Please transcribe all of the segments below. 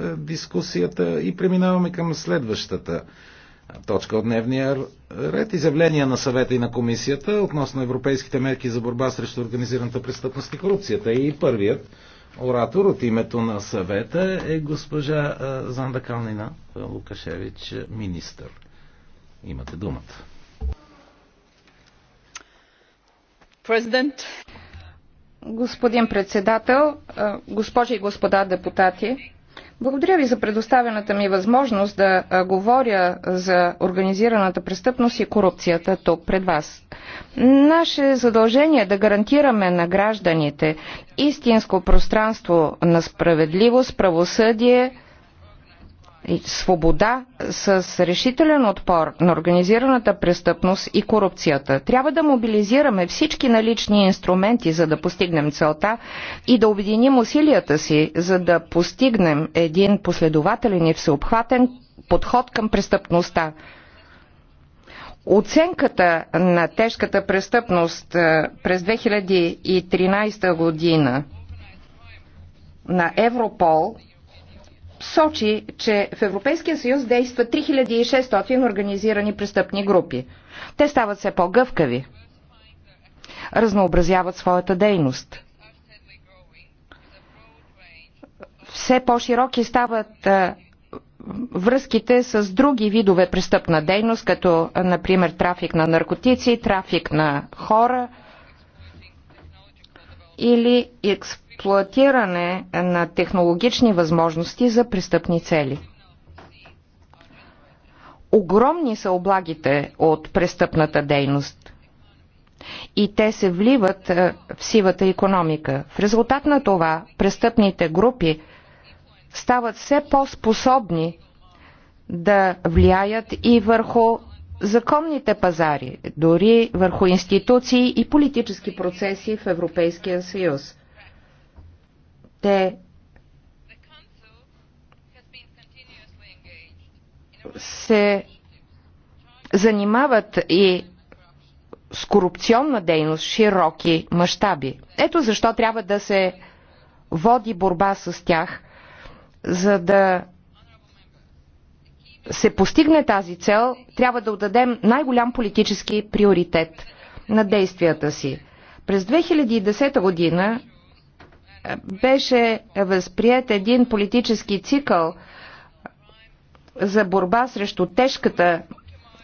Е, дискусията и преминаваме към следващата точка от дневния ред. Изявления на съвета и на комисията относно европейските мерки за борба срещу организираната престъпност и корупцията. И първият оратор от името на съвета е госпожа е, Занда Калнина Лукашевич, министър. Имате думата. Президент. Господин председател, е, госпожи и господа депутати, благодаря ви за предоставената ми възможност да говоря за организираната престъпност и корупцията тук пред вас. Наше задължение е да гарантираме на гражданите истинско пространство на справедливост, правосъдие, свобода с решителен отпор на организираната престъпност и корупцията. Трябва да мобилизираме всички налични инструменти, за да постигнем целта и да обединим усилията си, за да постигнем един последователен и всеобхватен подход към престъпността. Оценката на тежката престъпност е, през 2013 година на Европол сочи, че в Европейския съюз действа 3600 организирани престъпни групи. Те стават все по-гъвкави, разнообразяват своята дейност. Все по-широки стават а, връзките с други видове престъпна дейност, като например трафик на наркотици, трафик на хора или експлуатация експлуатиране на технологични възможности за престъпни цели. Огромни са облагите от престъпната дейност и те се вливат е, в сивата економика. В резултат на това престъпните групи стават все по-способни да влияят и върху законните пазари, дори върху институции и политически процеси в Европейския съюз. Те се занимават и с корупционна дейност широки мащаби. Ето защо трябва да се води борба с тях, за да се постигне тази цел, трябва да отдадем най-голям политически приоритет на действията си. През 2010 година беше възприят един политически цикъл за борба срещу тежката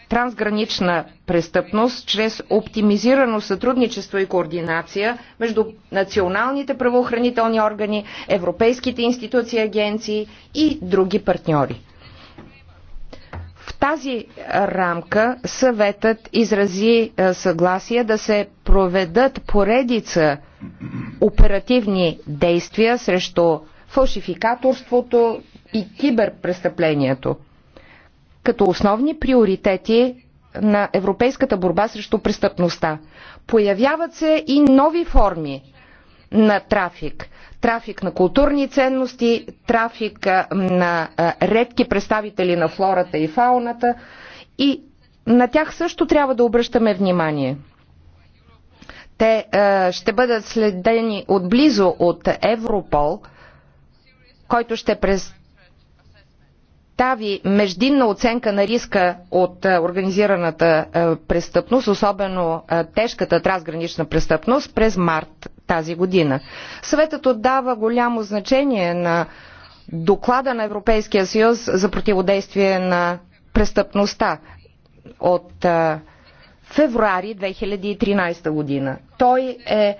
трансгранична престъпност чрез оптимизирано сътрудничество и координация между националните правоохранителни органи, европейските институции, агенции и други партньори тази рамка съветът изрази е, съгласие да се проведат поредица оперативни действия срещу фалшификаторството и киберпрестъплението като основни приоритети на европейската борба срещу престъпността. Появяват се и нови форми на трафик трафик на културни ценности, трафик на редки представители на флората и фауната и на тях също трябва да обръщаме внимание. Те ще бъдат следени отблизо от Европол, който ще представи междинна оценка на риска от организираната престъпност, особено тежката трансгранична престъпност, през март тази година. Съветът отдава голямо значение на доклада на Европейския съюз за противодействие на престъпността от февруари 2013 година. Той е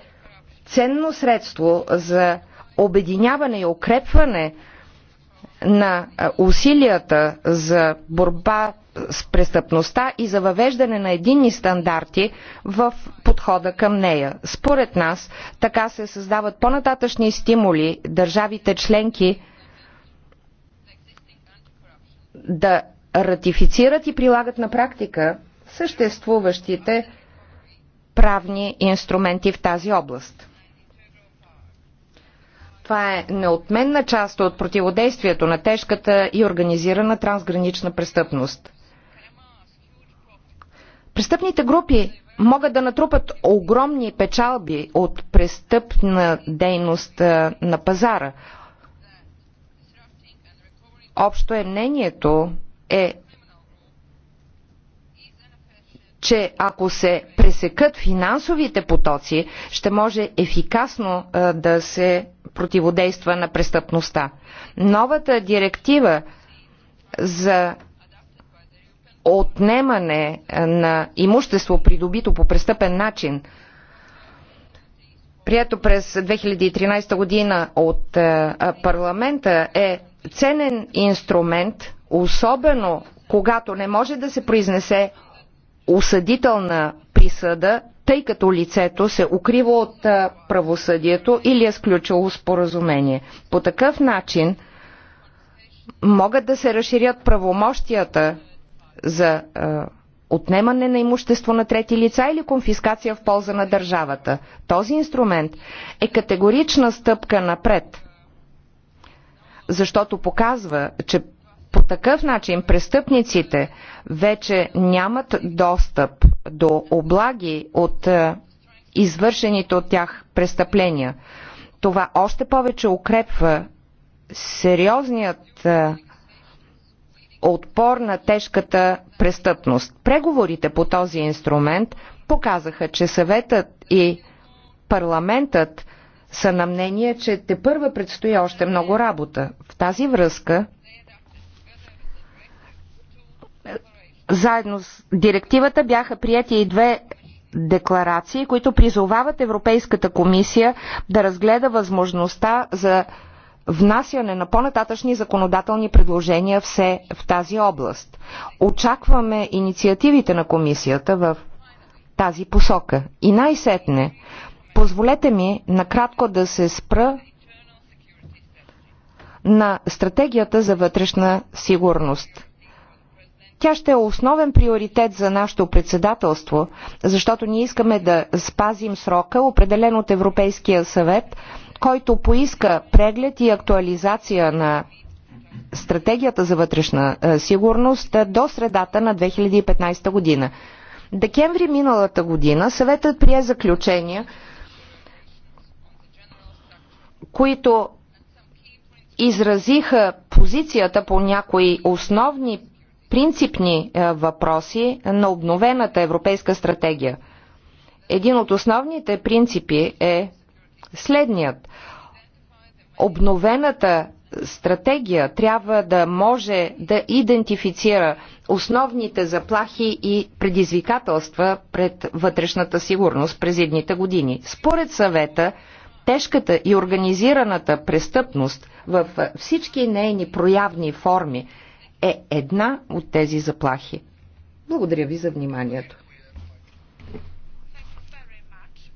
ценно средство за обединяване и укрепване на усилията за борба с престъпността и за въвеждане на единни стандарти в подхода към нея. Според нас така се създават по-нататъчни стимули държавите членки да ратифицират и прилагат на практика съществуващите правни инструменти в тази област. Това е неотменна част от противодействието на тежката и организирана трансгранична престъпност. Престъпните групи могат да натрупат огромни печалби от престъпна дейност на пазара. Общо е мнението е, че ако се пресекат финансовите потоци, ще може ефикасно да се противодейства на престъпността. Новата директива за отнемане е, на имущество, придобито по престъпен начин, прието през 2013 година от е, парламента, е ценен инструмент, особено когато не може да се произнесе осъдителна присъда, тъй като лицето се укрива от е, правосъдието или е сключило споразумение. По такъв начин могат да се разширят правомощията за е, отнемане на имущество на трети лица или конфискация в полза на държавата. Този инструмент е категорична стъпка напред, защото показва, че по такъв начин престъпниците вече нямат достъп до облаги от е, извършените от тях престъпления. Това още повече укрепва сериозният е, отпор на тежката престъпност. Преговорите по този инструмент показаха, че съветът и парламентът са на мнение, че те първа предстои още много работа. В тази връзка, заедно с директивата бяха прияти и две декларации, които призовават Европейската комисия да разгледа възможността за внасяне на по-нататъчни законодателни предложения все в тази област. Очакваме инициативите на комисията в тази посока. И най-сетне, позволете ми накратко да се спра на стратегията за вътрешна сигурност. Тя ще е основен приоритет за нашето председателство, защото ние искаме да спазим срока, определен от Европейския съвет който поиска преглед и актуализация на стратегията за вътрешна е, сигурност е, до средата на 2015 година. Декември миналата година съветът прие заключения, които изразиха позицията по някои основни принципни е, въпроси на обновената европейска стратегия. Един от основните принципи е следният. Обновената стратегия трябва да може да идентифицира основните заплахи и предизвикателства пред вътрешната сигурност през едните години. Според съвета, тежката и организираната престъпност в всички нейни проявни форми е една от тези заплахи. Благодаря ви за вниманието.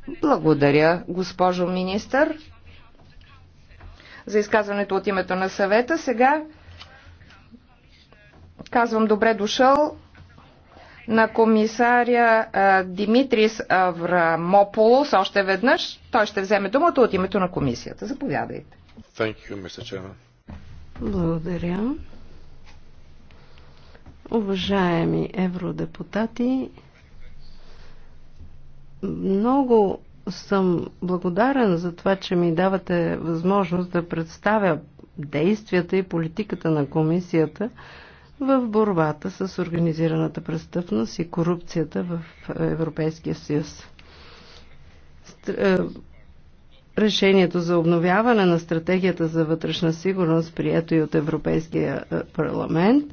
Благодаря, госпожо министър, за изказването от името на съвета. Сега казвам добре дошъл на комисаря Димитрис Аврамополос още веднъж. Той ще вземе думата от името на комисията. Заповядайте. Thank you, Mr. Благодаря. Уважаеми евродепутати, много съм благодарен за това, че ми давате възможност да представя действията и политиката на комисията в борбата с организираната престъпност и корупцията в Европейския съюз. Е, решението за обновяване на стратегията за вътрешна сигурност, прието и от Европейския е, парламент,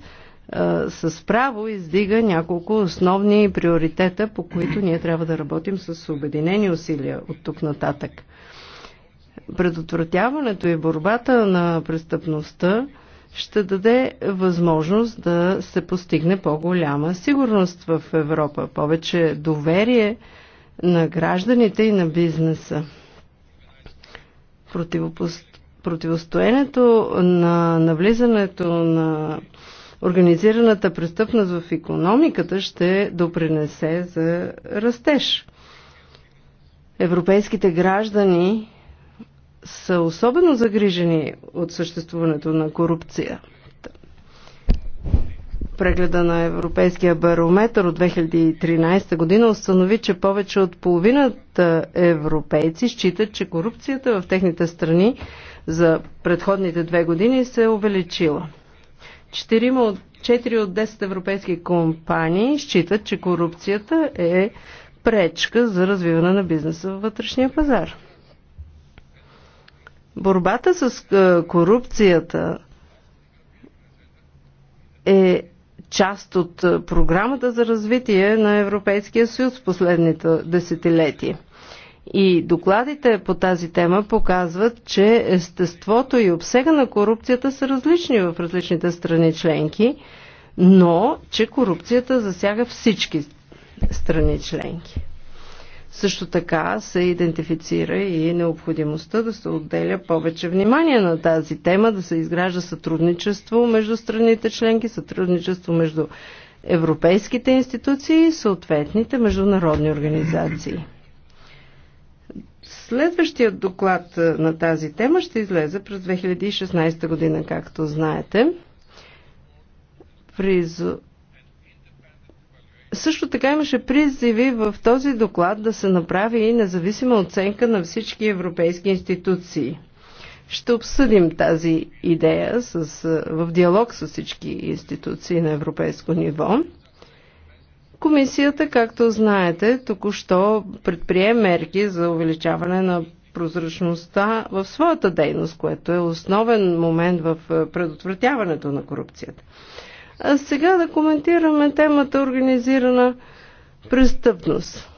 с право издига няколко основни приоритета, по които ние трябва да работим с обединени усилия от тук нататък. Предотвратяването и борбата на престъпността ще даде възможност да се постигне по-голяма сигурност в Европа, повече доверие на гражданите и на бизнеса. Противопост... Противостоенето на навлизането на организираната престъпност в економиката ще допринесе за растеж. Европейските граждани са особено загрижени от съществуването на корупция. Прегледа на Европейския барометр от 2013 година установи, че повече от половината европейци считат, че корупцията в техните страни за предходните две години се е увеличила. Четирима от десет от 10 европейски компании считат, че корупцията е пречка за развиване на бизнеса във вътрешния пазар. Борбата с е, корупцията е част от е, програмата за развитие на Европейския съюз в последните десетилетия. И докладите по тази тема показват, че естеството и обсега на корупцията са различни в различните страни членки, но че корупцията засяга всички страни членки. Също така се идентифицира и необходимостта да се отделя повече внимание на тази тема, да се изгражда сътрудничество между страните членки, сътрудничество между европейските институции и съответните международни организации. Следващият доклад на тази тема ще излезе през 2016 година, както знаете. Приз... Също така имаше призиви в този доклад да се направи и независима оценка на всички европейски институции. Ще обсъдим тази идея с, в диалог с всички институции на европейско ниво. Комисията, както знаете, току-що предприе мерки за увеличаване на прозрачността в своята дейност, което е основен момент в е, предотвратяването на корупцията. А сега да коментираме темата организирана престъпност.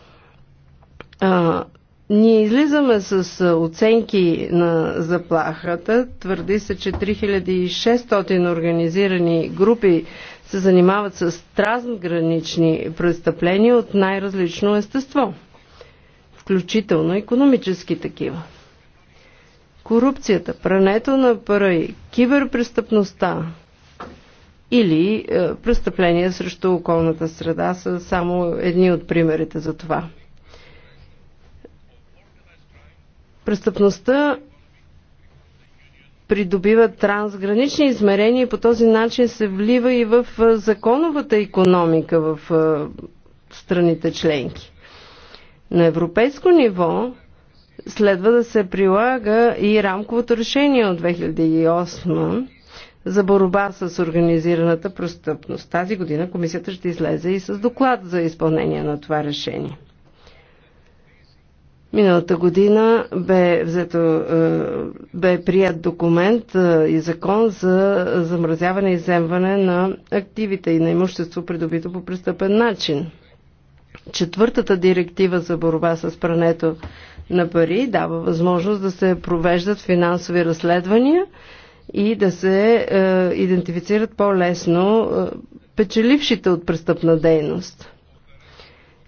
А, ние излизаме с е, оценки на заплахата. Твърди се, че 3600 организирани групи се занимават с трансгранични престъпления от най-различно естество, включително економически такива. Корупцията, прането на пара и киберпрестъпността или е, престъпления срещу околната среда са само едни от примерите за това. Престъпността придобиват трансгранични измерения и по този начин се влива и в законовата економика в страните членки. На европейско ниво следва да се прилага и рамковото решение от 2008 за борба с организираната престъпност. Тази година комисията ще излезе и с доклад за изпълнение на това решение. Миналата година бе, взето, е, бе прият документ е, и закон за замразяване и земване на активите и на имущество, придобито по престъпен начин. Четвъртата директива за борба с прането на пари дава възможност да се провеждат финансови разследвания и да се е, идентифицират по-лесно е, печелившите от престъпна дейност.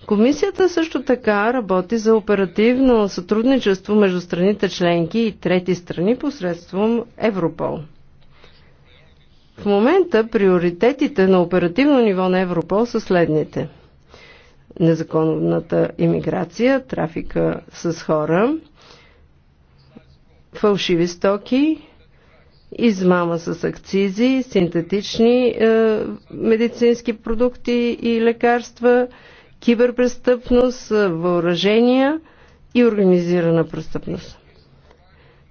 Комисията също така работи за оперативно сътрудничество между страните членки и трети страни посредством Европол. В момента приоритетите на оперативно ниво на Европол са следните. Незаконната иммиграция, трафика с хора, фалшиви стоки, измама с акцизи, синтетични е, медицински продукти и лекарства – киберпрестъпност, въоръжения и организирана престъпност.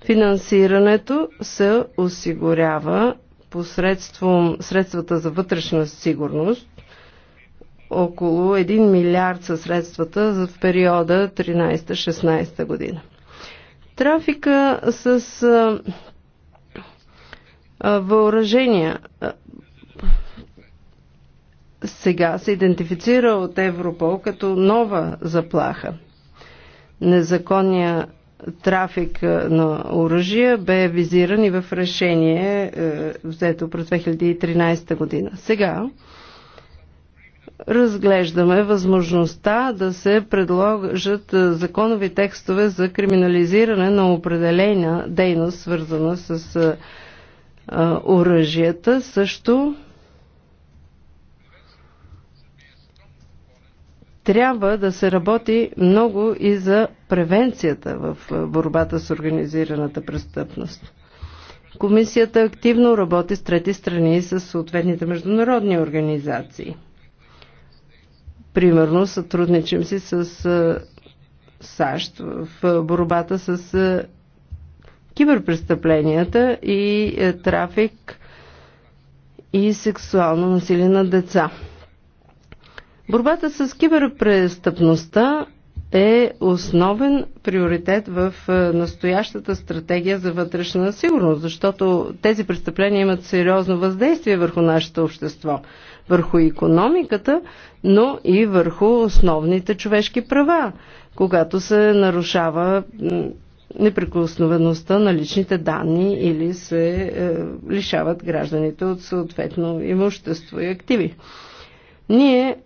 Финансирането се осигурява посредством средствата за вътрешна сигурност. Около 1 милиард са средствата за в периода 13-16 година. Трафика с въоръжения сега се идентифицира от Европол като нова заплаха. Незаконния трафик е, на оръжия бе визиран и в решение е, взето през 2013 година. Сега разглеждаме възможността да се предложат е, законови текстове за криминализиране на определена дейност, свързана с оръжията. Също трябва да се работи много и за превенцията в е, борбата с организираната престъпност. Комисията активно работи с трети страни и с съответните международни организации. Примерно сътрудничим си с е, САЩ в е, борбата с киберпрестъпленията и трафик и сексуално насилие на деца. Борбата с киберпрестъпността е основен приоритет в е, настоящата стратегия за вътрешна сигурност, защото тези престъпления имат сериозно въздействие върху нашето общество, върху економиката, но и върху основните човешки права, когато се нарушава неприкосновеността на личните данни или се е, лишават гражданите от съответно имущество и активи. Ние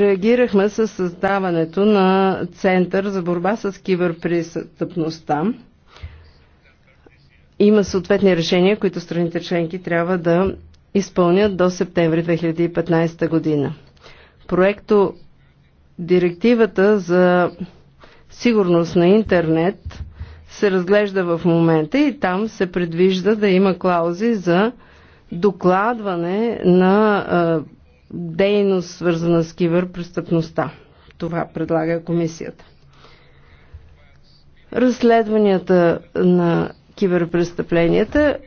реагирахме с създаването на Център за борба с киберпрестъпността. Има съответни решения, които страните членки трябва да изпълнят до септември 2015 година. Проекто Директивата за сигурност на интернет се разглежда в момента и там се предвижда да има клаузи за докладване на дейност, свързана с киберпрестъпността. Това предлага комисията. Разследванията на киберпрестъпленията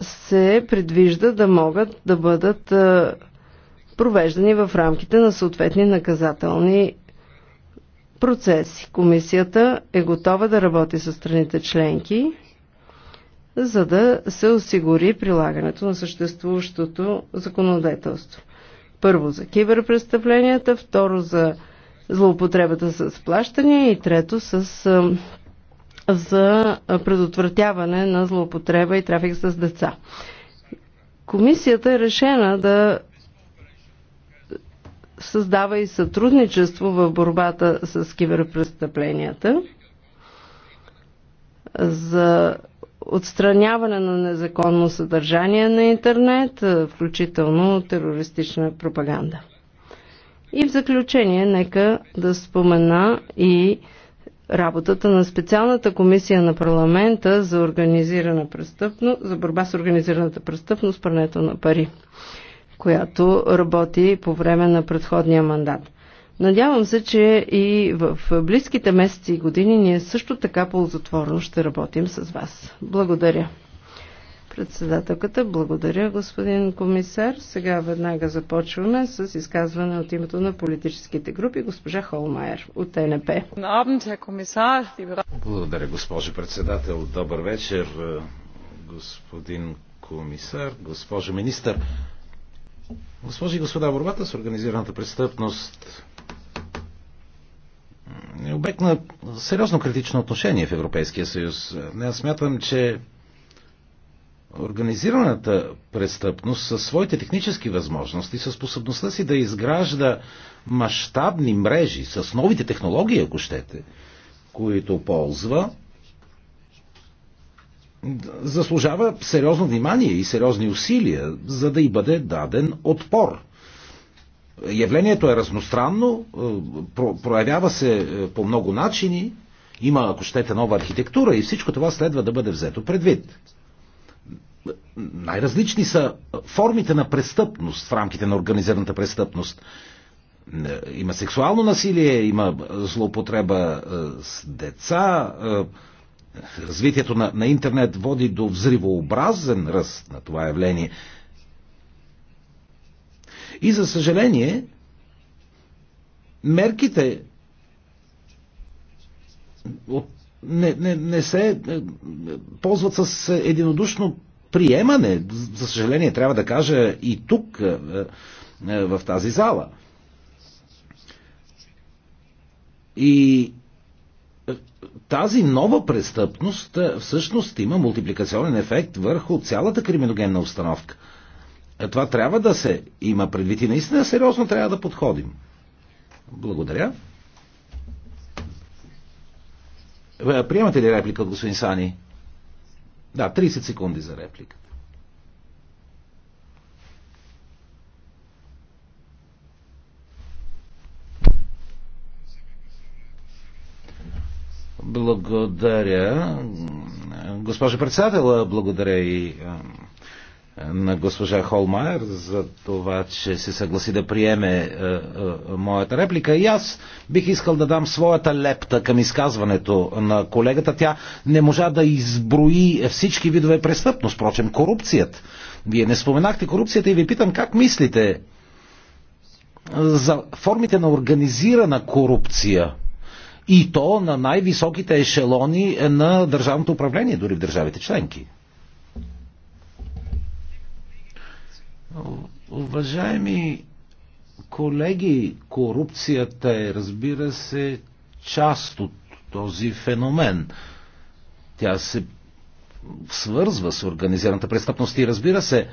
се предвижда да могат да бъдат провеждани в рамките на съответни наказателни процеси. Комисията е готова да работи с страните членки за да се осигури прилагането на съществуващото законодателство. Първо за киберпрестъпленията, второ за злоупотребата с плащания и трето с, за предотвратяване на злоупотреба и трафик с деца. Комисията е решена да създава и сътрудничество в борбата с киберпрестъпленията за отстраняване на незаконно съдържание на интернет, включително терористична пропаганда. И в заключение, нека да спомена и работата на специалната комисия на парламента за, организирана престъпно, за борба с организираната престъпност, прането на пари, която работи по време на предходния мандат. Надявам се, че и в близките месеци и години ние също така ползотворно ще работим с вас. Благодаря. Председателката, благодаря, господин комисар. Сега веднага започваме с изказване от името на политическите групи. Госпожа Холмайер от НП. Благодаря, госпожо председател. Добър вечер, господин комисар, госпожо министър. Госпожи и господа, борбата с организираната престъпност е обект на сериозно критично отношение в Европейския съюз. Аз смятам, че организираната престъпност със своите технически възможности, със способността си да изгражда мащабни мрежи, с новите технологии, ако щете, които ползва, заслужава сериозно внимание и сериозни усилия, за да й бъде даден отпор. Явлението е разностранно, е, проявява се е, по много начини, има, ако щете, нова архитектура и всичко това следва да бъде взето предвид. Най-различни са формите на престъпност в рамките на организираната престъпност. Е, има сексуално насилие, има злоупотреба с деца, развитието на, на интернет води до взривообразен ръст на това явление – и за съжаление, мерките от, не, не, не се е, ползват с единодушно приемане. За съжаление, трябва да кажа и тук, е, е, в тази зала. И тази нова престъпност всъщност има мултипликационен ефект върху цялата криминогенна установка. Е, това трябва да се има предвид и наистина сериозно трябва да подходим. Благодаря. Е, приемате ли реплика от господин Сани? Да, 30 секунди за реплика. Благодаря. Госпожо председател, благодаря и на госпожа Холмайер за това, че се съгласи да приеме е, е, моята реплика. И аз бих искал да дам своята лепта към изказването на колегата. Тя не можа да изброи всички видове престъпност, впрочем, корупцията. Вие не споменахте корупцията и ви питам как мислите за формите на организирана корупция и то на най-високите ешелони на държавното управление, дори в държавите членки. Уважаеми колеги, корупцията е, разбира се, част от този феномен. Тя се свързва с организираната престъпност и разбира се,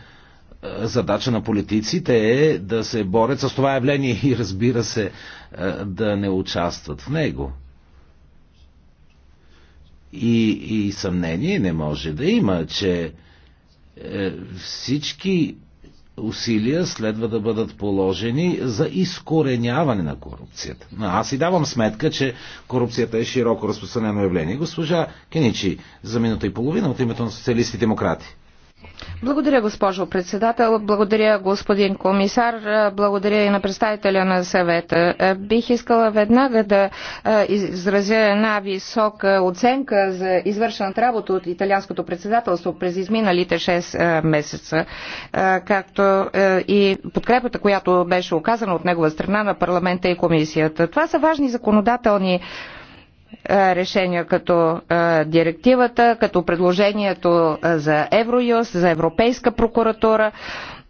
задача на политиците е да се борят с това явление и разбира се е, да не участват в него. И, и съмнение не може да има, че е, всички усилия следва да бъдат положени за изкореняване на корупцията. Но Аз си давам сметка, че корупцията е широко разпространено явление. Госпожа Кеничи, за минута и половина от името на социалисти и демократи. Благодаря, госпожо председател. Благодаря, господин комисар. Благодаря и на представителя на съвета. Бих искала веднага да изразя една висока оценка за извършената работа от италианското председателство през изминалите 6 месеца, както и подкрепата, която беше оказана от негова страна на парламента и комисията. Това са важни законодателни е, решения като е, директивата, като предложението е, за Евроюз, за Европейска прокуратура,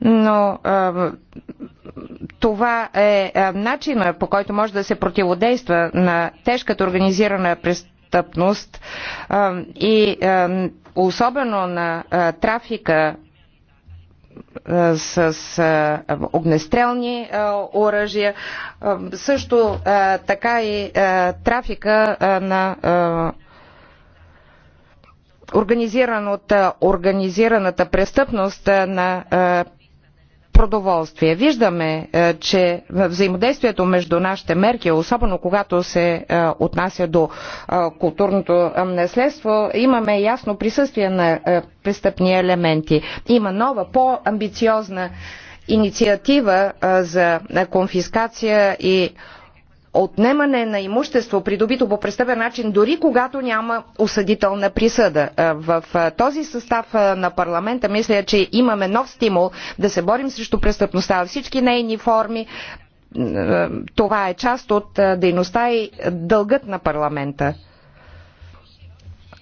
но това е начина по който може да се противодейства на тежката организирана престъпност и особено на трафика с огнестрелни оръжия, също така и трафика на организиран от организираната престъпност на продоволствие. Виждаме, е, че взаимодействието между нашите мерки, особено когато се е, отнася до е, културното наследство, имаме ясно присъствие на престъпни елементи. Има нова, по-амбициозна инициатива за конфискация и отнемане на имущество, придобито по престъпен начин, дори когато няма осъдителна присъда. Е, в е, този състав е, на парламента мисля, че имаме нов стимул да се борим срещу престъпността във всички нейни форми. Това е част от дейността и дългът на парламента.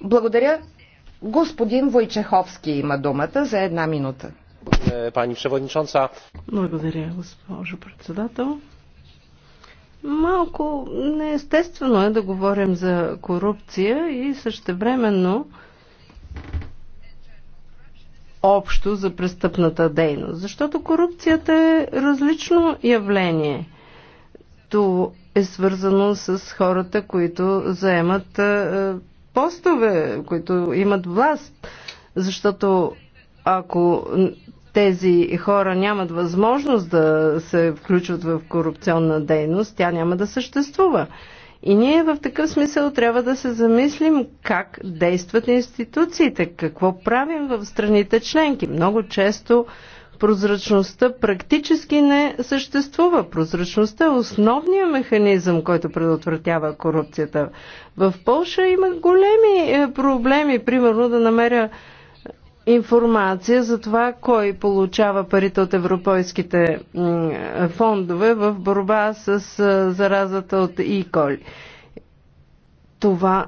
Благодаря. Господин Войчеховски има думата за една минута. Пани Благодаря, госпожо председател. Малко неестествено е да говорим за корупция и същевременно общо за престъпната дейност. Защото корупцията е различно явление. То е свързано с хората, които заемат е, постове, които имат власт. Защото ако тези хора нямат възможност да се включват в корупционна дейност, тя няма да съществува. И ние в такъв смисъл трябва да се замислим как действат институциите, какво правим в страните членки. Много често прозрачността практически не съществува. Прозрачността е основният механизъм, който предотвратява корупцията. В Польша има големи е, проблеми, примерно да намеря информация за това кой получава парите от европейските фондове в борба с заразата от ИКОЛИ. Това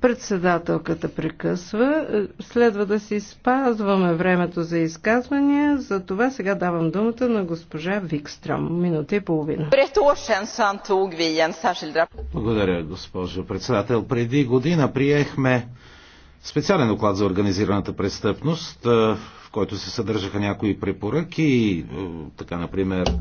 председателката прекъсва. Следва да си спазваме времето за изказвания. За това сега давам думата на госпожа Викстрам. Минута и половина. Благодаря, госпожо председател. Преди година приехме специален доклад за организираната престъпност, в който се съдържаха някои препоръки, така например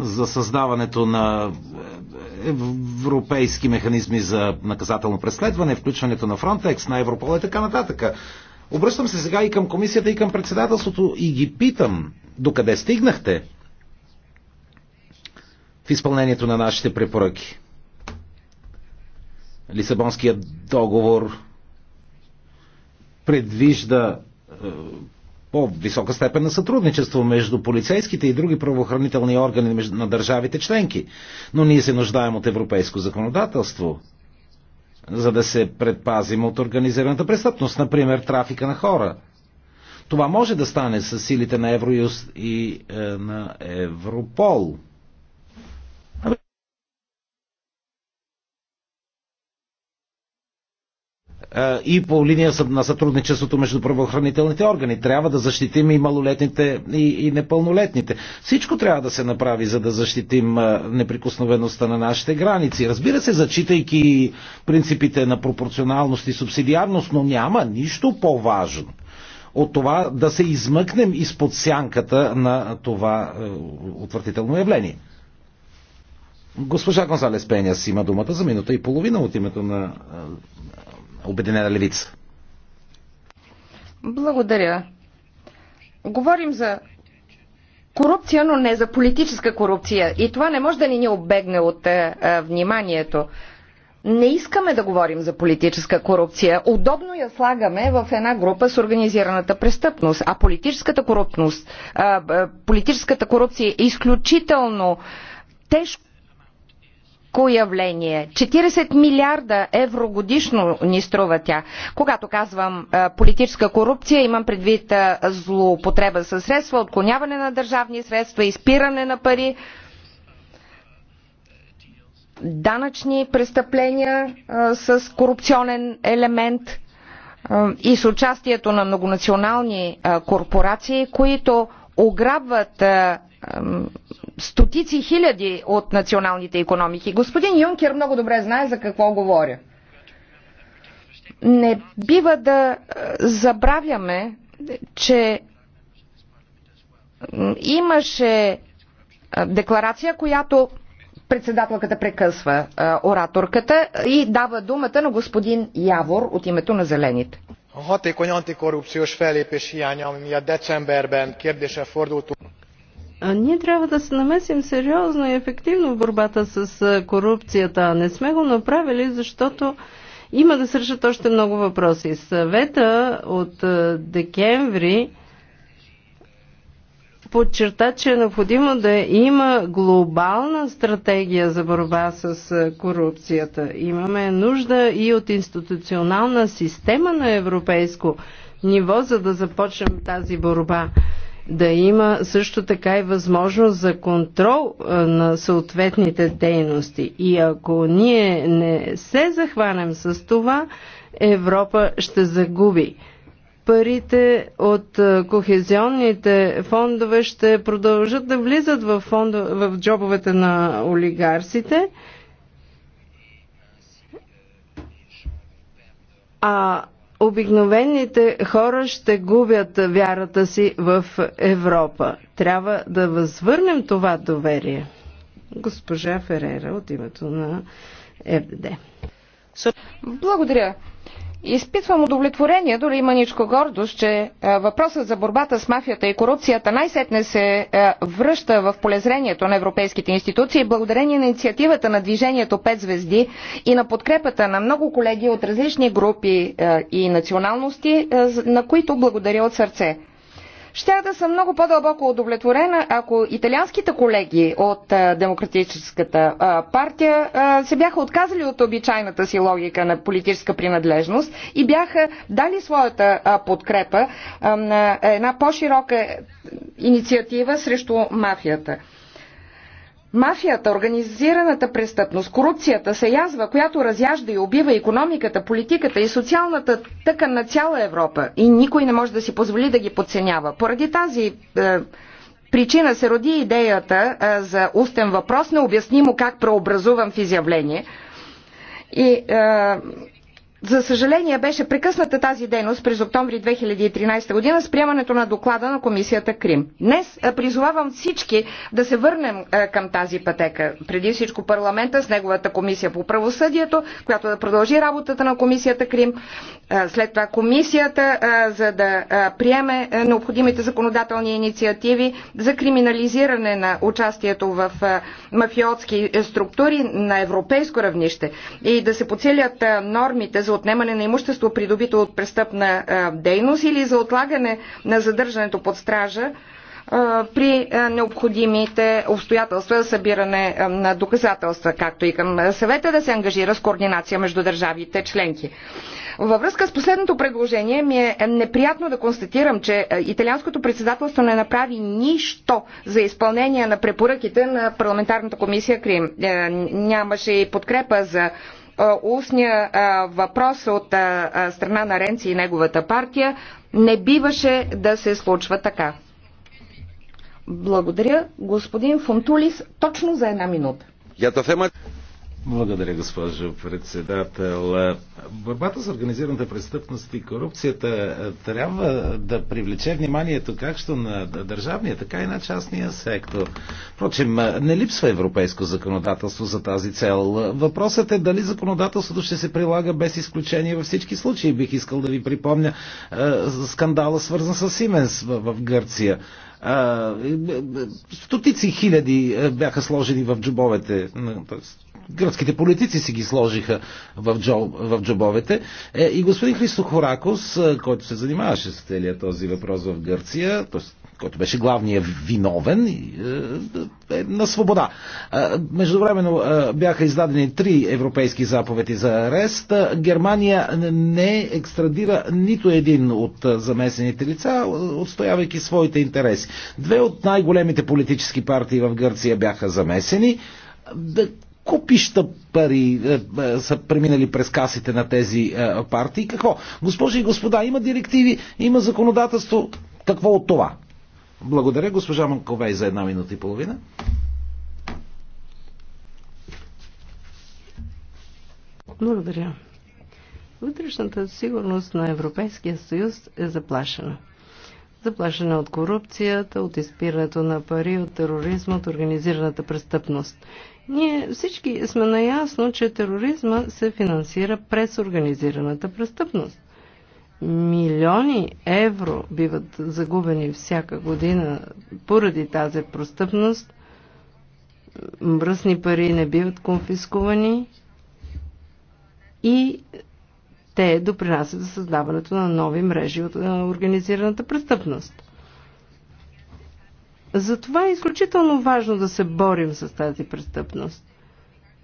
за създаването на европейски механизми за наказателно преследване, включването на Фронтекс, на Европол и така нататък. Обръщам се сега и към комисията, и към председателството и ги питам, докъде стигнахте? в изпълнението на нашите препоръки. Лисабонският договор предвижда е, по-висока степен на сътрудничество между полицейските и други правоохранителни органи на държавите членки. Но ние се нуждаем от европейско законодателство, за да се предпазим от организираната престъпност, например трафика на хора. Това може да стане с силите на Евроюст и е, на Европол. Е, и по линия на сътрудничеството между правоохранителните органи. Трябва да защитим и малолетните и, и непълнолетните. Всичко трябва да се направи, за да защитим е, неприкосновеността на нашите граници. Разбира се, зачитайки принципите на пропорционалност и субсидиарност, но няма нищо по-важно от това да се измъкнем изпод сянката на това е, отвратително явление. Госпожа Гонсалес Пеняс има думата за минута и половина от името на Обединена левица. Благодаря. Говорим за корупция, но не за политическа корупция. И това не може да ни ни обегне от а, е, е, вниманието. Не искаме да говорим за политическа корупция. Удобно я слагаме в една група с организираната престъпност. А политическата, корупност, а, политическата корупция е изключително тежко рядко явление. 40 милиарда евро годишно ни струва тя. Когато казвам политическа корупция, имам предвид злоупотреба със средства, отклоняване на държавни средства, изпиране на пари, данъчни престъпления с корупционен елемент и с участието на многонационални корпорации, които ограбват стотици хиляди от националните економики. Господин Юнкер много добре знае за какво говоря. Не бива да забравяме, че имаше декларация, която председателката прекъсва ораторката и дава думата на господин Явор от името на Зелените. A hatékony antikorrupciós fellépés hiánya, ami miatt decemberben kérdése fordult ние трябва да се намесим сериозно и ефективно в борбата с корупцията. Не сме го направили, защото има да срещат още много въпроси. Съвета от декември подчерта, че е необходимо да има глобална стратегия за борба с корупцията. Имаме нужда и от институционална система на европейско ниво, за да започнем тази борба да има също така и възможност за контрол на съответните дейности. И ако ние не се захванем с това, Европа ще загуби. Парите от кохезионните фондове ще продължат да влизат в, фондо, в джобовете на олигарсите. А обикновените хора ще губят вярата си в Европа. Трябва да възвърнем това доверие. Госпожа Ферера от името на ФДД. Благодаря. Изпитвам удовлетворение, дори и маничко гордост, че е, въпросът за борбата с мафията и корупцията най-сетне се е, връща в полезрението на европейските институции, благодарение на инициативата на движението 5 звезди и на подкрепата на много колеги от различни групи е, и националности, на които благодаря от сърце. Щях да съм много по-дълбоко удовлетворена, ако италианските колеги от Демократическата партия се бяха отказали от обичайната си логика на политическа принадлежност и бяха дали своята подкрепа на една по-широка инициатива срещу мафията. Мафията, организираната престъпност, корупцията са язва, която разяжда и убива економиката, политиката и социалната тъкан на цяла Европа. И никой не може да си позволи да ги подценява. Поради тази е, причина се роди идеята е, за устен въпрос, необяснимо как преобразуван в изявление. И е, за съжаление беше прекъсната тази дейност през октомври 2013 година с приемането на доклада на комисията Крим. Днес призовавам всички да се върнем към тази пътека. Преди всичко парламента с неговата комисия по правосъдието, която да продължи работата на комисията Крим. След това комисията, за да приеме необходимите законодателни инициативи за криминализиране на участието в мафиотски структури на европейско равнище и да се поцелят нормите за отнемане на имущество, придобито от престъпна дейност или за отлагане на задържането под стража при необходимите обстоятелства за събиране на доказателства, както и към съвета да се ангажира с координация между държавите членки. Във връзка с последното предложение ми е неприятно да констатирам, че италианското председателство не направи нищо за изпълнение на препоръките на парламентарната комисия Крим. Е, нямаше и подкрепа за устния въпрос от страна на Ренци и неговата партия. Не биваше да се случва така. Благодаря, господин Фунтулис, точно за една минута. Благодаря, госпожо председател. Борбата с организираната престъпност и корупцията е, трябва да привлече вниманието както на държавния, така и на частния сектор. Впрочем, не липсва европейско законодателство за тази цел. Въпросът е дали законодателството ще се прилага без изключение във всички случаи. Бих искал да ви припомня е, скандала, свързан с Сименс в Гърция Стотици хиляди е, бяха сложени в джобовете. Гръцките политици си ги сложиха в, джобовете. Е, и господин Христо Хоракос, е, който се занимаваше с целият този въпрос в Гърция, т.е който беше главният виновен, е, е на свобода. Междувременно бяха издадени три европейски заповеди за арест. Германия не екстрадира нито един от замесените лица, отстоявайки своите интереси. Две от най-големите политически партии в Гърция бяха замесени. Да купища пари е, е, са преминали през касите на тези е, партии. Какво? Госпожи и господа, има директиви, има законодателство. Какво от това? Благодаря, госпожа Манковей, за една минута и половина. Благодаря. Вътрешната сигурност на Европейския съюз е заплашена. Заплашена от корупцията, от изпирането на пари, от тероризма, от организираната престъпност. Ние всички сме наясно, че тероризма се финансира през организираната престъпност милиони евро биват загубени всяка година поради тази простъпност. Мръсни пари не биват конфискувани и те допринасят за създаването на нови мрежи от организираната престъпност. Затова е изключително важно да се борим с тази престъпност.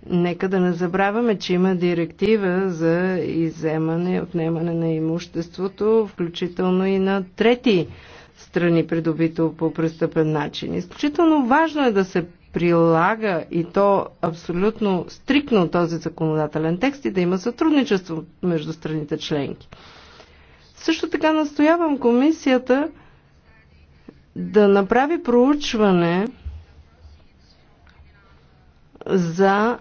Нека да не забравяме, че има директива за иземане, отнемане на имуществото, включително и на трети страни, придобито по престъпен начин. Изключително важно е да се прилага и то абсолютно стрикно този законодателен текст и да има сътрудничество между страните членки. Също така настоявам комисията да направи проучване за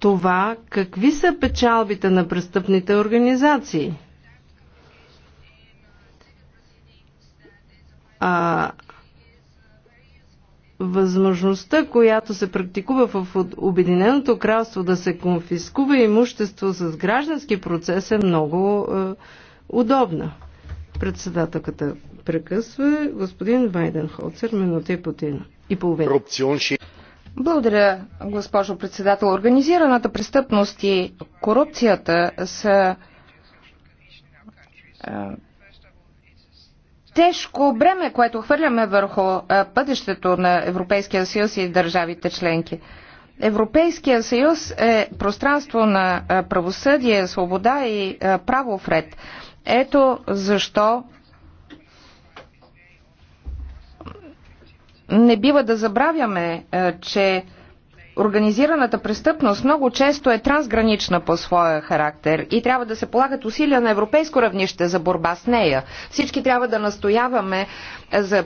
това какви са печалбите на престъпните организации. А, възможността, която се практикува в Обединеното кралство да се конфискува имущество с граждански процес е много е, удобна. Председателката прекъсва господин Вайден Холцер минута и, потина, и половина. Благодаря, госпожо председател. Организираната престъпност и корупцията са тежко бреме, което хвърляме върху пътището на Европейския съюз и държавите членки. Европейския съюз е пространство на правосъдие, свобода и правов ред. Ето защо Не бива да забравяме, е, че организираната престъпност много често е трансгранична по своя характер и трябва да се полагат усилия на европейско равнище за борба с нея. Всички трябва да настояваме за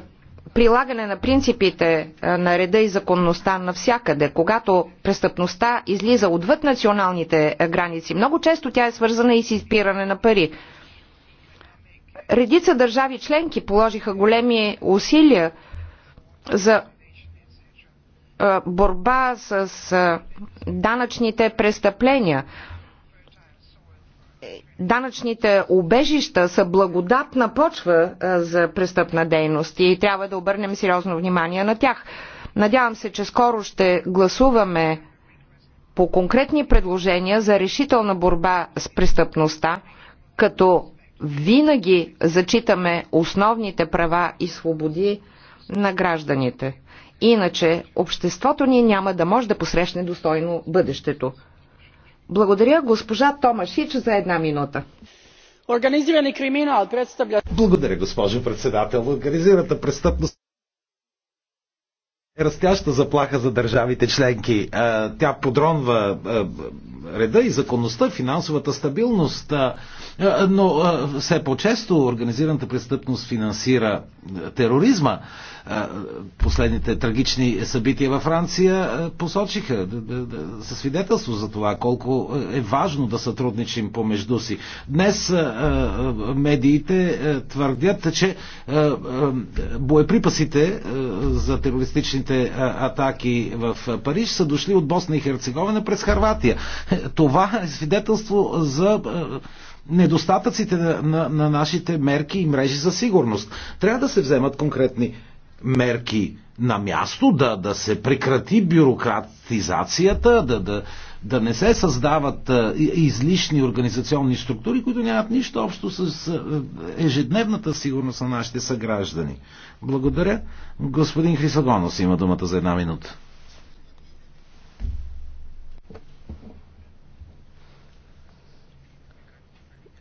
прилагане на принципите е, на реда и законността навсякъде. Когато престъпността излиза отвъд националните е, граници, много често тя е свързана и с изпиране на пари. Редица държави членки положиха големи усилия за борба с данъчните престъпления. Данъчните обежища са благодатна почва за престъпна дейност и трябва да обърнем сериозно внимание на тях. Надявам се, че скоро ще гласуваме по конкретни предложения за решителна борба с престъпността, като винаги зачитаме основните права и свободи на гражданите. Иначе обществото ни няма да може да посрещне достойно бъдещето. Благодаря госпожа Томашич за една минута. Организирани криминал представля... Благодаря, госпожо председател. Организираната престъпност е растяща заплаха за държавите членки. Тя подронва реда и законността, финансовата стабилност. Е, но е, все по-често организираната престъпност финансира е, тероризма. Последните трагични събития във Франция посочиха със свидетелство за това колко е важно да сътрудничим помежду си. Днес медиите твърдят, че боеприпасите за терористичните атаки в Париж са дошли от Босна и Херцеговина през Харватия. Това е свидетелство за недостатъците на, на, на нашите мерки и мрежи за сигурност. Трябва да се вземат конкретни мерки на място, да, да се прекрати бюрократизацията, да, да, да не се създават излишни организационни структури, които нямат нищо общо с е, ежедневната сигурност на нашите съграждани. Благодаря. Господин Хрисагонос има думата за една минута.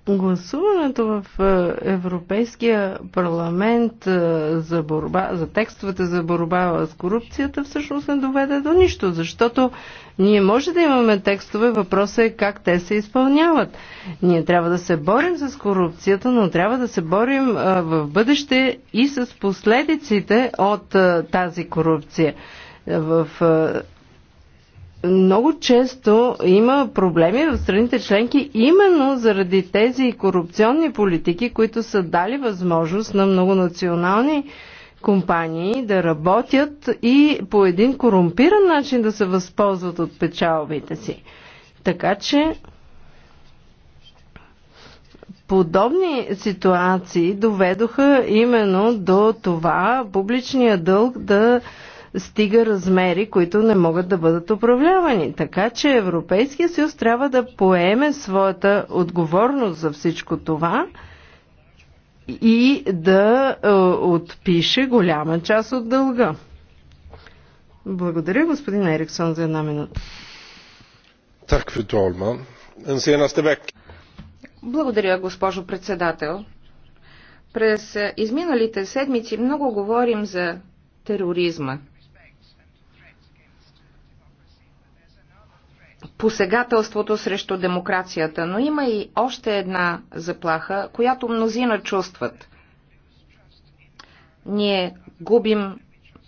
Гласуването в е, Европейския парламент е, за, борба, за текстовете за борба с корупцията всъщност не доведе до нищо, защото ние може да имаме текстове, въпросът е как те се изпълняват. Ние трябва да се борим с корупцията, но трябва да се борим е, в бъдеще и с последиците от тази корупция. В много често има проблеми в страните членки именно заради тези корупционни политики, които са дали възможност на многонационални компании да работят и по един корумпиран начин да се възползват от печалбите си. Така че подобни ситуации доведоха именно до това публичния дълг да стига размери, които не могат да бъдат управлявани. Така че Европейския съюз трябва да поеме своята отговорност за всичко това и да е, отпише голяма част от дълга. Благодаря, господин Ериксон, за една минута. Так, фru благодаря, госпожо председател. През изминалите седмици много говорим за тероризма. посегателството срещу демокрацията. Но има и още една заплаха, която мнозина чувстват. Ние губим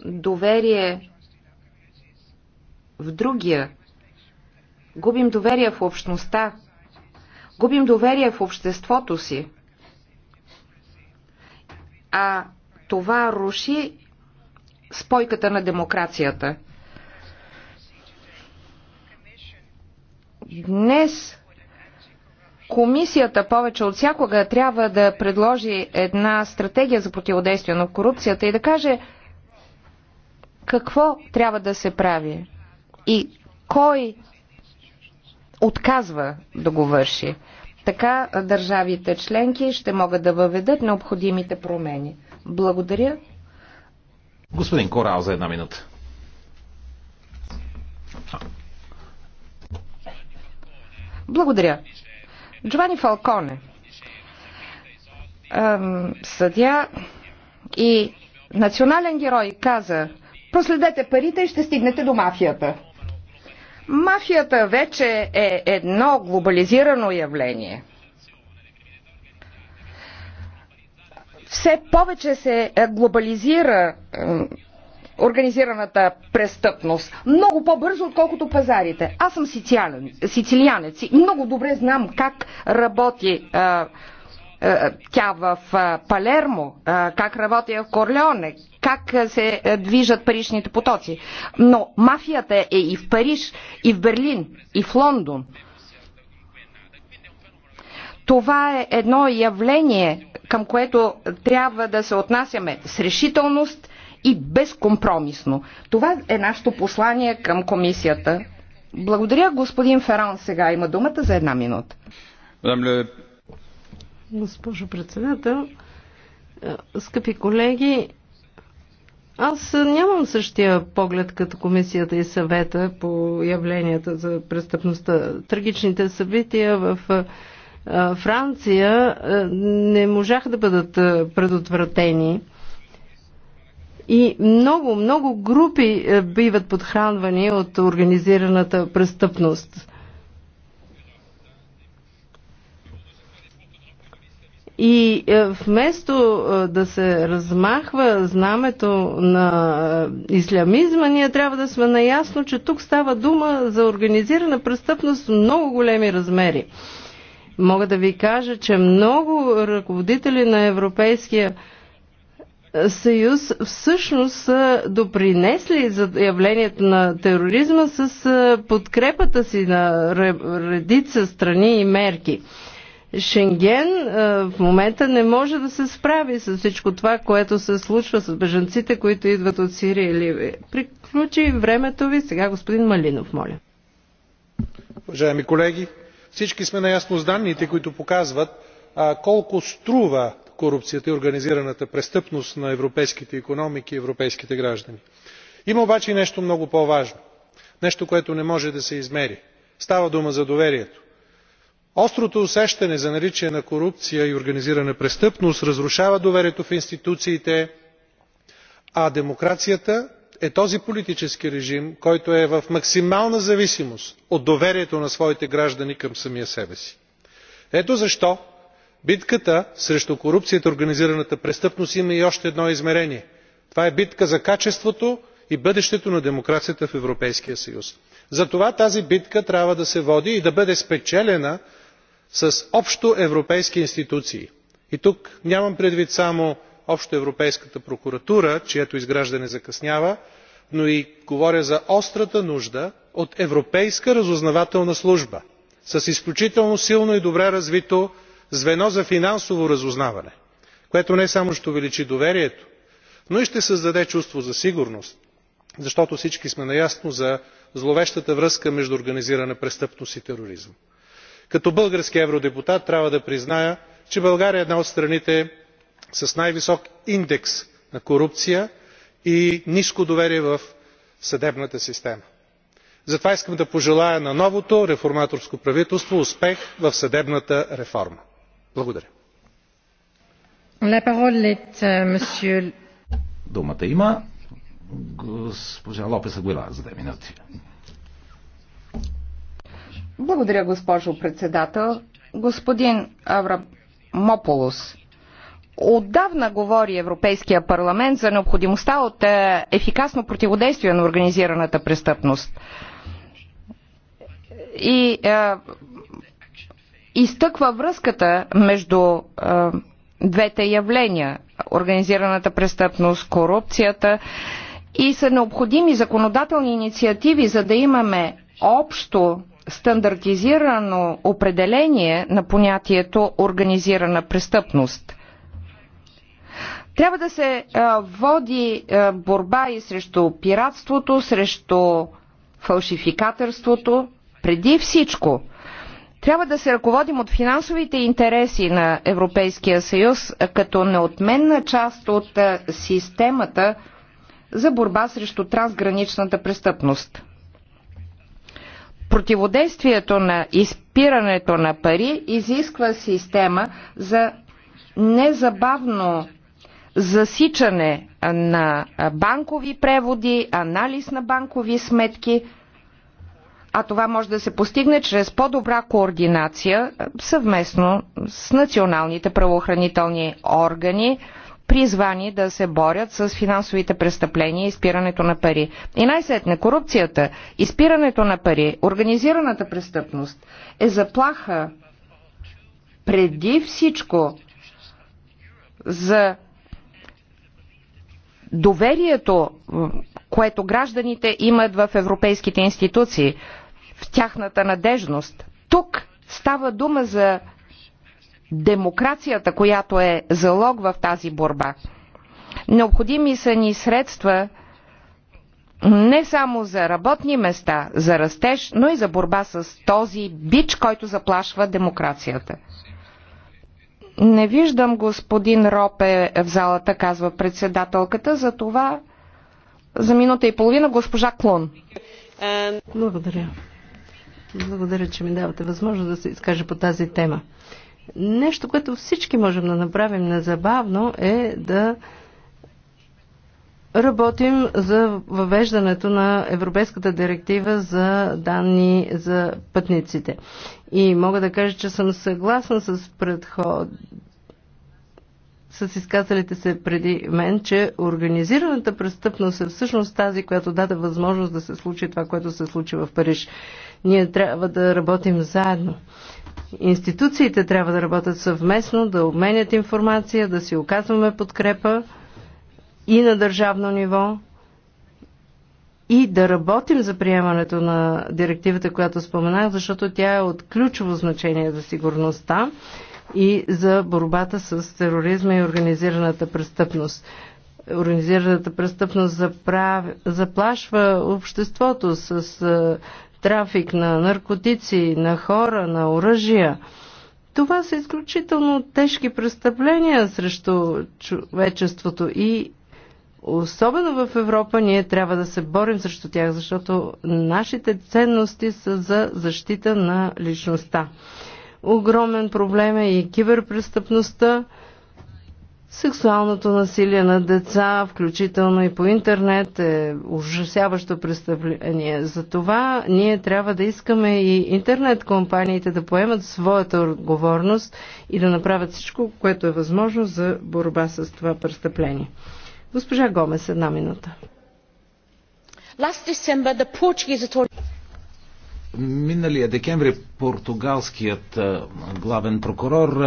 доверие в другия. Губим доверие в общността. Губим доверие в обществото си. А това руши спойката на демокрацията. Днес комисията повече от всякога трябва да предложи една стратегия за противодействие на корупцията и да каже какво трябва да се прави и кой отказва да го върши. Така държавите членки ще могат да въведат необходимите промени. Благодаря. Господин Корал за една минута. Благодаря. Джовани Фалконе, съдя и национален герой, каза, проследете парите и ще стигнете до мафията. Мафията вече е едно глобализирано явление. Все повече се глобализира организираната престъпност. Много по-бързо, отколкото пазарите. Аз съм сицилиан, сицилианец и много добре знам как работи а, а, тя в а, Палермо, а, как работи в Корлеоне, как се движат паричните потоци. Но мафията е и в Париж, и в Берлин, и в Лондон. Това е едно явление, към което трябва да се отнасяме с решителност – и безкомпромисно. Това е нашето послание към комисията. Благодаря, господин Ферон. Сега има думата за една минута. Госпожо председател, е, скъпи колеги, аз нямам същия поглед като комисията и съвета по явленията за престъпността. Трагичните събития в е, Франция е, не можаха да бъдат предотвратени. И много, много групи е, биват подхранвани от организираната престъпност. И е, вместо е, да се размахва знамето на ислямизма, ние трябва да сме наясно, че тук става дума за организирана престъпност в много големи размери. Мога да ви кажа, че много ръководители на Европейския съюз всъщност са допринесли за явлението на тероризма с подкрепата си на редица страни и мерки. Шенген в момента не може да се справи с всичко това, което се случва с бежанците, които идват от Сирия или Ливия. Приключи времето ви. Сега господин Малинов, моля. Уважаеми колеги, всички сме наясно с данните, които показват колко струва корупцията и организираната престъпност на европейските икономики и европейските граждани. има обаче и нещо много по важно нещо което не може да се измери. става дума за доверието. острото усещане за наличие на корупция и организирана престъпност разрушава доверието в институциите а демокрацията е този политически режим който е в максимална зависимост от доверието на своите граждани към самия себе си. ето защо битката срещу корупцията и организираната престъпност има и още едно измерение това е битка за качеството и бъдещето на демокрацията в европейския съюз. затова тази битка трябва да се води и да бъде спечелена с общоевропейски институции и тук нямам предвид само общоевропейската прокуратура чието изграждане закъснява но и говоря за острата нужда от европейска разузнавателна служба с изключително силно и добре развито звено за финансово разузнаване което не само ще увеличи доверието но и ще създаде чувство за сигурност защото всички сме наясно за зловещата връзка между организирана престъпност и тероризъм. като български евродепутат трябва да призная че българя е една от страните с най висок индекс на корупция и ниско доверие в съдебната система. затова искам да пожелая на новото реформаторско правителство успех в съдебната реформа. Благодаря. Euh, Думата има госпожа Лопес Агуила за две минути. Благодаря, госпожо председател. Господин Аврамополос, отдавна говори Европейския парламент за необходимостта от е, ефикасно противодействие на организираната престъпност. И е, изтъква връзката между а, двете явления организираната престъпност, корупцията и са необходими законодателни инициативи, за да имаме общо стандартизирано определение на понятието организирана престъпност. Трябва да се води борба и срещу пиратството, срещу фалшификаторството, преди всичко – трябва да се ръководим от финансовите интереси на Европейския съюз като неотменна част от системата за борба срещу трансграничната престъпност. Противодействието на изпирането на пари изисква система за незабавно засичане на банкови преводи, анализ на банкови сметки – а това може да се постигне чрез по-добра координация е, съвместно с националните правоохранителни органи, призвани да се борят с финансовите престъпления и спирането на пари. И най-сетне корупцията, изпирането на пари, организираната престъпност е заплаха преди всичко за доверието, което гражданите имат в европейските институции тяхната надежност. Тук става дума за демокрацията, която е залог в тази борба. Необходими са ни средства не само за работни места, за растеж, но и за борба с този бич, който заплашва демокрацията. Не виждам господин Ропе в залата, казва председателката, за това за минута и половина госпожа Клон. Благодаря. Благодаря, че ми давате възможност да се изкажа по тази тема. Нещо, което всички можем да направим незабавно е да работим за въвеждането на Европейската директива за данни за пътниците. И мога да кажа, че съм съгласна с предход с изказалите се преди мен, че организираната престъпност е всъщност тази, която даде възможност да се случи това, което се случи в Париж. Ние трябва да работим заедно. Институциите трябва да работят съвместно, да обменят информация, да си оказваме подкрепа и на държавно ниво, и да работим за приемането на директивата, която споменах, защото тя е от ключово значение за сигурността и за борбата с тероризма и организираната престъпност. Организираната престъпност заправ... заплашва обществото с е, трафик на наркотици, на хора, на оръжия. Това са изключително тежки престъпления срещу човечеството и особено в Европа ние трябва да се борим срещу тях, защото нашите ценности са за защита на личността. Огромен проблем е и киберпрестъпността, сексуалното насилие на деца, включително и по интернет, е ужасяващо престъпление. За това ние трябва да искаме и интернет компаниите да поемат своята отговорност и да направят всичко, което е възможно за борба с това престъпление. Госпожа Гомес, една минута. Миналия декември португалският главен прокурор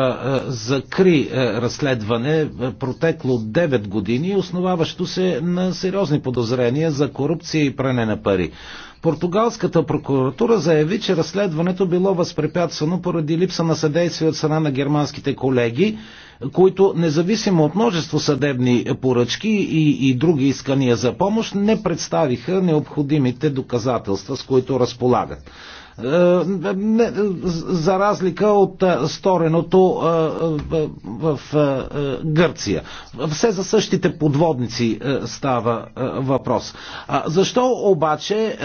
закри разследване, протекло 9 години, основаващо се на сериозни подозрения за корупция и пране на пари. Португалската прокуратура заяви, че разследването било възпрепятствано поради липса на съдействие от страна на германските колеги, които независимо от множество съдебни поръчки и, и други искания за помощ, не представиха необходимите доказателства, с които разполагат. Е, за разлика от е, стореното е, в Гърция. Все за същите подводници става въпрос. Защо обаче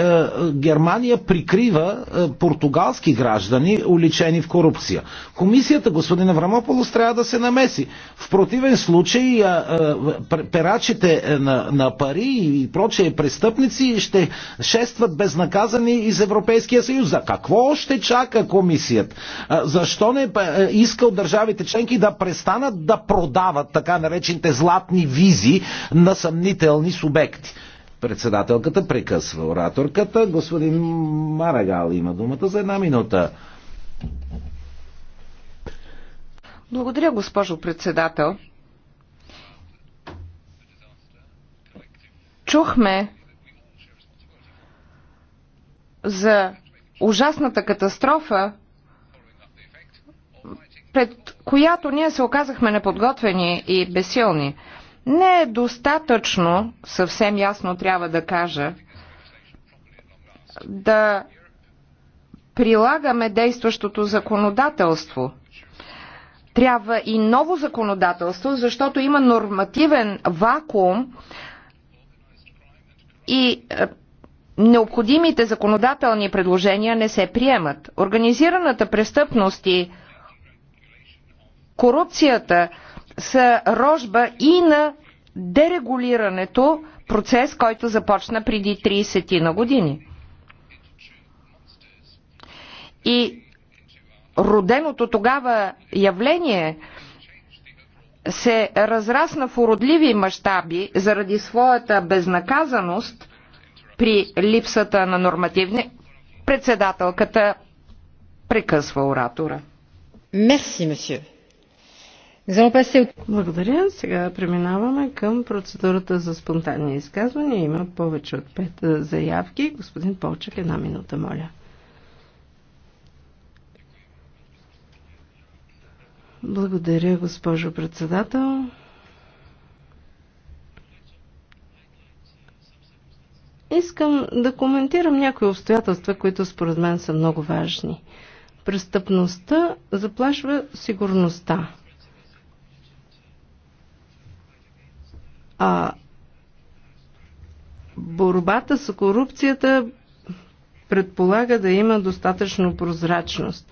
Германия прикрива португалски граждани, уличени в корупция? Комисията, господин Аврамополос, трябва да се намеси. В противен случай перачите на, на пари и прочие престъпници ще шестват безнаказани из Европейския съюз. Какво още чака комисията? Защо не иска от държавите членки да престанат да продават така наречените златни визи на съмнителни субекти? Председателката прекъсва ораторката. Господин Марагал има думата за една минута. Благодаря, госпожо председател. Чухме за ужасната катастрофа, пред която ние се оказахме неподготвени и безсилни. Не е достатъчно, съвсем ясно трябва да кажа, да прилагаме действащото законодателство. Трябва и ново законодателство, защото има нормативен вакуум и е, необходимите законодателни предложения не се приемат. Организираната престъпност и корупцията са рожба и на дерегулирането, процес, който започна преди 30 на години. И роденото тогава явление се разрасна в уродливи мащаби заради своята безнаказаност – при липсата на нормативни, председателката прекъсва оратора. Мерси, месье. Благодаря. Сега преминаваме към процедурата за спонтанни изказвания. Има повече от пет е, заявки. Господин Полчак, една минута, моля. Благодаря, госпожо председател. Искам да коментирам някои обстоятелства, които според мен са много важни. Престъпността заплашва сигурността. А борбата с корупцията предполага да има достатъчно прозрачност.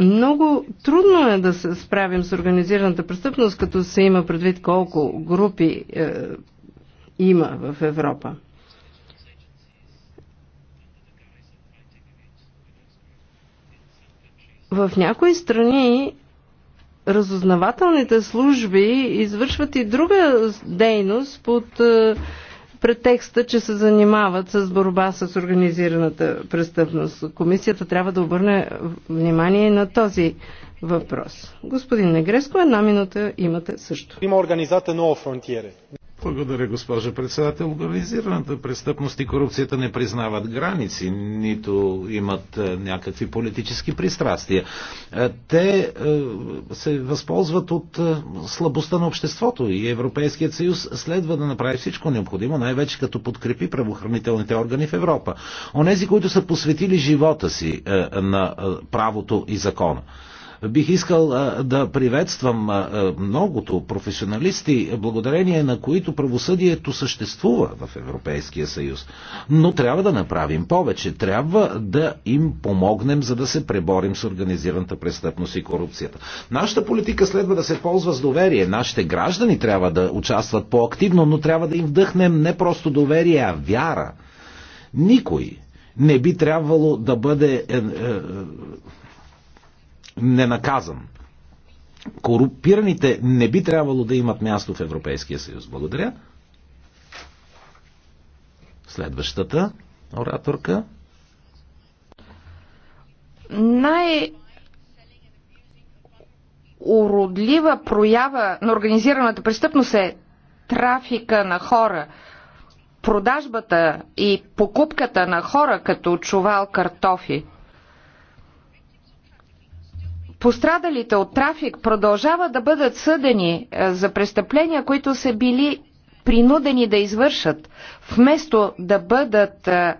Много трудно е да се справим с организираната престъпност, като се има предвид колко групи е, има в Европа. В някои страни разузнавателните служби извършват и друга дейност под е, претекста, че се занимават с борба с организираната престъпност. Комисията трябва да обърне внимание на този въпрос. Господин Негреско, една минута имате също. Има организата нова фронтиере. Благодаря, госпожа председател. Организираната престъпност и корупцията не признават граници, нито имат е, някакви политически пристрастия. Е, те е, се възползват от слабостта на обществото и Европейският съюз следва да направи всичко необходимо, най-вече като подкрепи правоохранителните органи в Европа. Онези, които са посветили живота си на правото и закона. Бих искал да приветствам многото професионалисти, благодарение на които правосъдието съществува в Европейския съюз. Но трябва да направим повече. Трябва да им помогнем, за да се преборим с организираната престъпност и корупцията. Нашата политика следва да се ползва с доверие. Нашите граждани трябва да участват по-активно, но трябва да им вдъхнем не просто доверие, а вяра. Никой не би трябвало да бъде е, е, ненаказан. Корупираните не би трябвало да имат място в Европейския съюз. Благодаря. Следващата ораторка. Най- уродлива проява на организираната престъпност е трафика на хора. Продажбата и покупката на хора като чувал картофи – пострадалите от трафик продължават да бъдат съдени е, за престъпления, които са били принудени да извършат, вместо да бъдат е,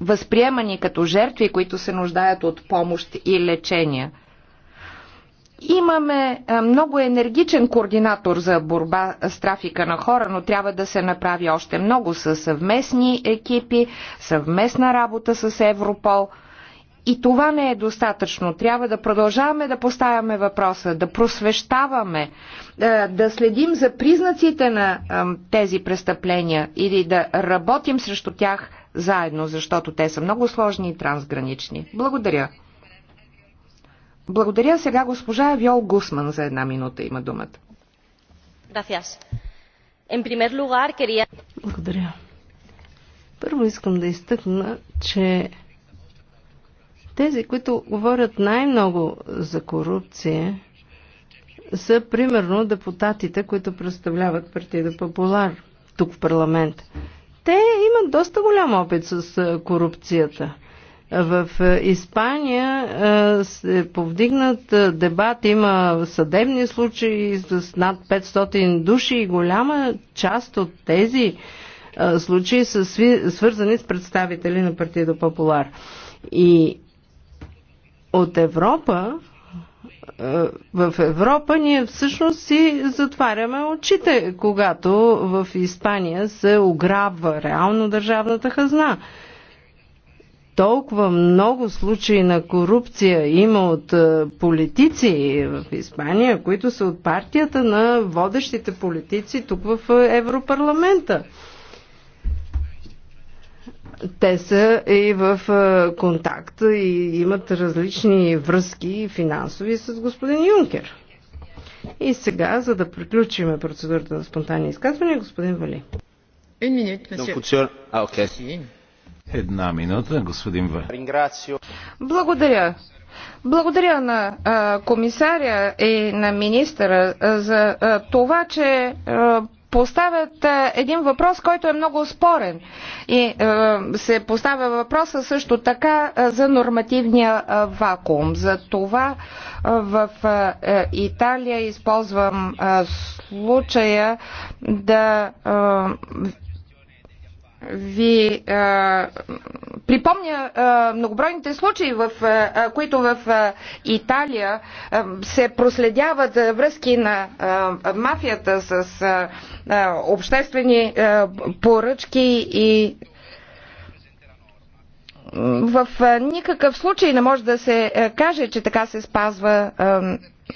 възприемани като жертви, които се нуждаят от помощ и лечение. Имаме е, много енергичен координатор за борба с трафика на хора, но трябва да се направи още много с съвместни екипи, съвместна работа с Европол – и това не е достатъчно. Трябва да продължаваме да поставяме въпроса, да просвещаваме, е, да следим за признаците на е, тези престъпления или да работим срещу тях заедно, защото те са много сложни и трансгранични. Благодаря. Благодаря сега госпожа Виол Гусман за една минута има думата. Благодаря. Първо искам да изтъкна, че тези, които говорят най-много за корупция, са примерно депутатите, които представляват партида Популар тук в парламент. Те имат доста голям опит с корупцията. В Испания се повдигнат дебат, има съдебни случаи с над 500 души и голяма част от тези случаи са свързани с представители на партида Популар. И от Европа, е, в Европа ние всъщност си затваряме очите, когато в Испания се ограбва реално държавната хазна. Толкова много случаи на корупция има от е, политици в Испания, които са от партията на водещите политици тук в е, Европарламента те са и в е, контакт и имат различни връзки финансови с господин Юнкер. И сега, за да приключим процедурата на спонтанни изказвания, господин Вали. Една минута, господин Вали. Благодаря. Благодаря на комисаря и на министъра за това, че поставят е, един въпрос, който е много спорен. И е, се поставя въпроса също така е, за нормативния вакуум. За това в Италия използвам случая да ви а, припомня а, многобройните случаи, в а, които в а, Италия а, се проследяват а, връзки на а, мафията с а, а, обществени а, поръчки и в никакъв случай не може да се каже, че така се спазва а,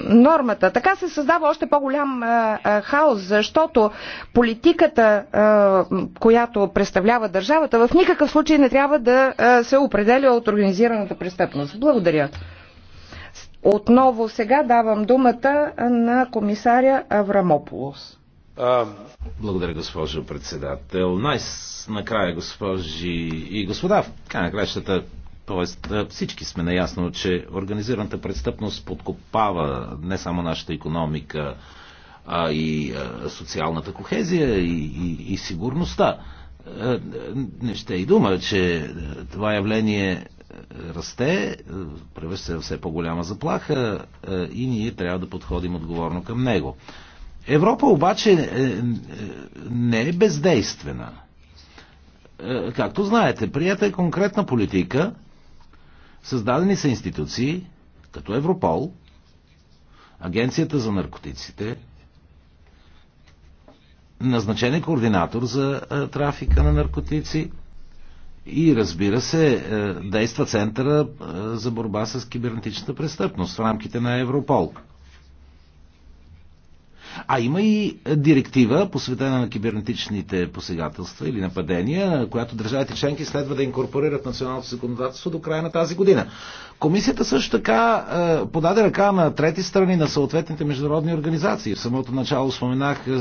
нормата. Така се създава още по-голям е, е, хаос, защото политиката, е, която представлява държавата, в никакъв случай не трябва да се определя от организираната престъпност. Благодаря. Отново сега давам думата на комисаря Аврамополос. Благодаря, госпожо председател. Най-накрая, госпожи и господа, в края на краищата, Тоест е, всички сме наясно, че организираната престъпност подкопава не само нашата економика, а и е, социалната кохезия и, и, и сигурността. Е, не ще и дума, че това явление расте, превръща се в все по-голяма заплаха и ние трябва да подходим отговорно към него. Европа обаче не е бездействена. Както знаете, прията е конкретна политика Създадени са институции, като Европол, Агенцията за наркотиците, назначен е координатор за трафика на наркотици и разбира се, е, действа Центъра за борба с кибернетичната престъпност в рамките на Европол. А има и директива, посветена на кибернетичните посегателства или нападения, която държавите членки следва да инкорпорират националното законодателство до края на тази година. Комисията също така е, подаде ръка на трети страни, на съответните международни организации. В самото начало споменах е,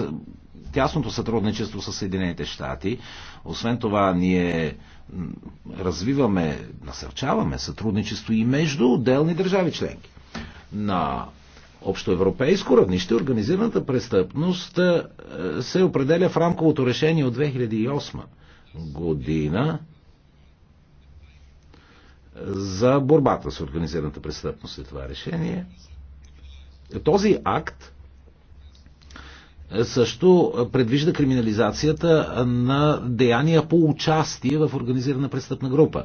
тясното сътрудничество с Съединените щати. Освен това, ние развиваме, насърчаваме сътрудничество и между отделни държави членки. На общоевропейско равнище организираната престъпност е, се определя в рамковото решение от 2008 година за борбата с организираната престъпност е това решение. Този акт е, също предвижда криминализацията на деяния по участие в организирана престъпна група.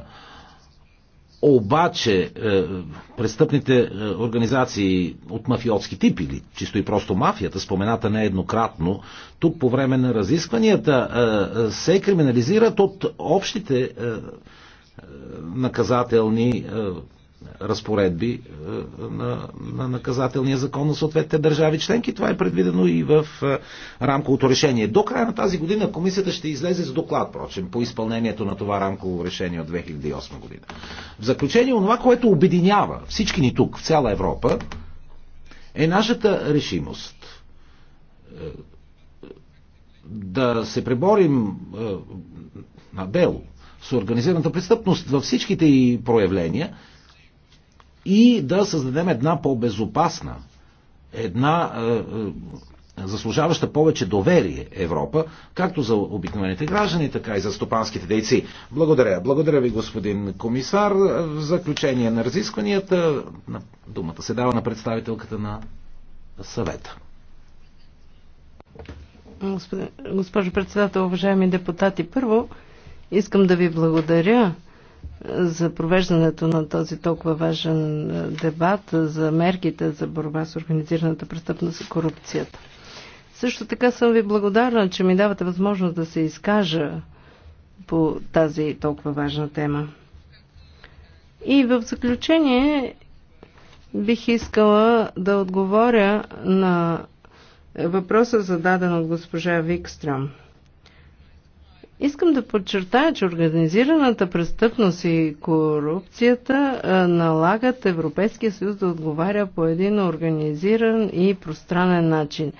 Обаче е, престъпните е, организации от мафиотски тип или чисто и просто мафията, спомената нееднократно, тук по време на разискванията е, се криминализират от общите наказателни разпоредби е, на, на наказателния закон на съответните държави членки. Това е предвидено и в е, рамковото решение. До края на тази година комисията ще излезе с доклад, прочим, по изпълнението на това рамково решение от 2008 година. В заключение, това, което обединява всички ни тук, в цяла Европа, е нашата решимост е, да се преборим на дело с организираната престъпност във всичките и проявления – и да създадем една по-безопасна, една е, е, заслужаваща повече доверие Европа, както за обикновените граждани, така и за стопанските дейци. Благодаря. Благодаря ви, господин комисар. В заключение на разискванията думата се дава на представителката на съвета. Госпожо председател, уважаеми депутати, първо искам да ви благодаря за провеждането на този толкова важен е, дебат е, за мерките за борба с организираната престъпност и корупцията. Също така съм ви благодарна, че ми давате възможност да се изкажа по тази толкова важна тема. И в заключение бих искала да отговоря на въпроса зададен от госпожа Викстрам – Искам да подчертая, че организираната престъпност и корупцията налагат Европейския съюз да отговаря по един организиран и пространен начин.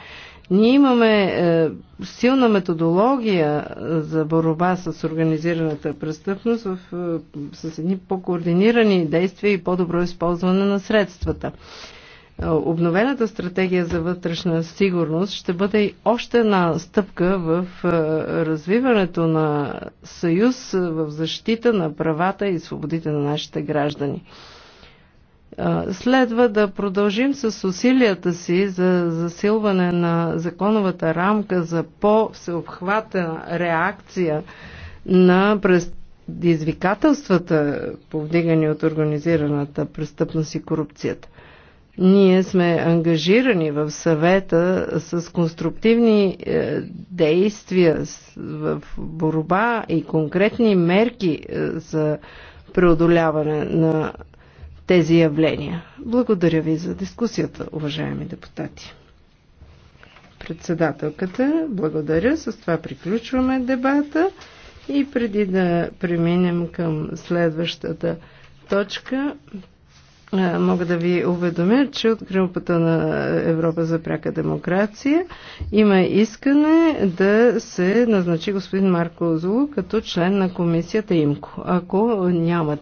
Ние имаме е, силна методология е, за борба с организираната престъпност в, е, с едни по-координирани действия и по-добро използване на средствата. Обновената стратегия за вътрешна сигурност ще бъде още една стъпка в развиването на съюз в защита на правата и свободите на нашите граждани. Следва да продължим с усилията си за засилване на законовата рамка за по-всеобхватна реакция на предизвикателствата, повдигани от организираната престъпност и корупцията. Ние сме ангажирани в съвета с конструктивни е, действия в борба и конкретни мерки е, за преодоляване на тези явления. Благодаря ви за дискусията, уважаеми депутати. Председателката, благодаря. С това приключваме дебата и преди да преминем към следващата точка, е, мога да ви уведомя, че от групата на Европа за пряка демокрация има искане да се назначи господин Марко Зулу като член на комисията ИМКО. Ако нямате